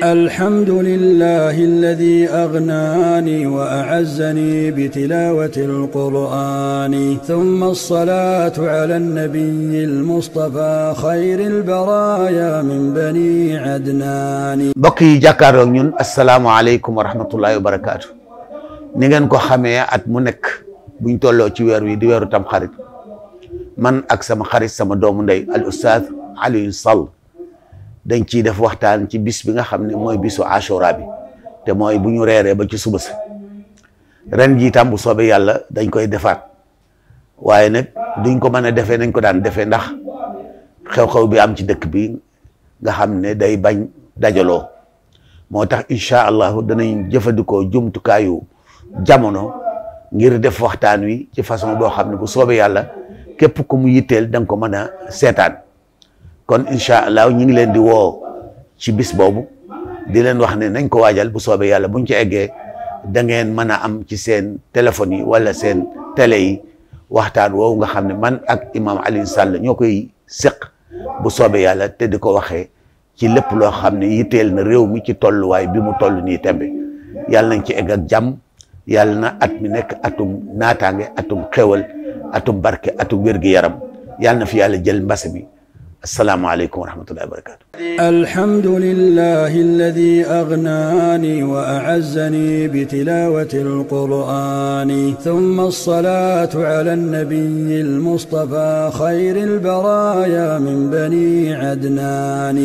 الحمد لله الذي أغناني وأعزني بتلاوة القرآن ثم الصلاة على النبي المصطفى خير البرايا من بني عدنان بقي جاكارو نيون السلام عليكم ورحمة الله وبركاته نيغن كو خامي ات مو نيك بوñ tolloo ci weer wi di weeru tam xarit man ak sama xarit sama doomu ndey al ustaaz Alioune Sall dañ ciy def waxtaan ci bis bi nga xam ne mooy bisu ashura bi te mooy bu ñu reeree ba ci suba si ren jiitam bu soobee yàlla dañ koy defaat waaye nag duñ ko mën a defee nañ ko daan defee ndax xew-xew bi am ci dëkk bi nga xam ne day bañ dajaloo moo tax incha allahu danañ jëfandikoo jumtukaayu jamono ngir def waxtaan wi ci façon boo xam ne bu soobee yàlla képp ku mu yitteel da ko mën a seetaan kon incha allah ñu ngi leen di woo ci bis boobu di leen wax ne nañ ko waajal bu soobee yàlla buñ ci eggee da ngeen mën a am ci seen téléphone yi wala seen tele yi waxtaan woowu nga xam ne man ak imam Alioune Sall ñoo koy seq bu soobee yàlla te di ko waxee ci lépp loo xam ne yitteel na réew mi ci tolluwaay bi mu toll nii tembe yàlla nañ ci egg ak jàmm yàlla na at mi nekk atum naataange atum xéwal atum barke atum wér-gi-yaram yàlla na fi yàlla jël mbas mi asalaamualeykum wa rahmatullahi wa barakatu alhamdulillahi alladi agnaani wa a'azzani bi tilawati alqur'ani thumma as-salatu ala an-nabiyyi al-mustafa khayri al-baraya min bani adnani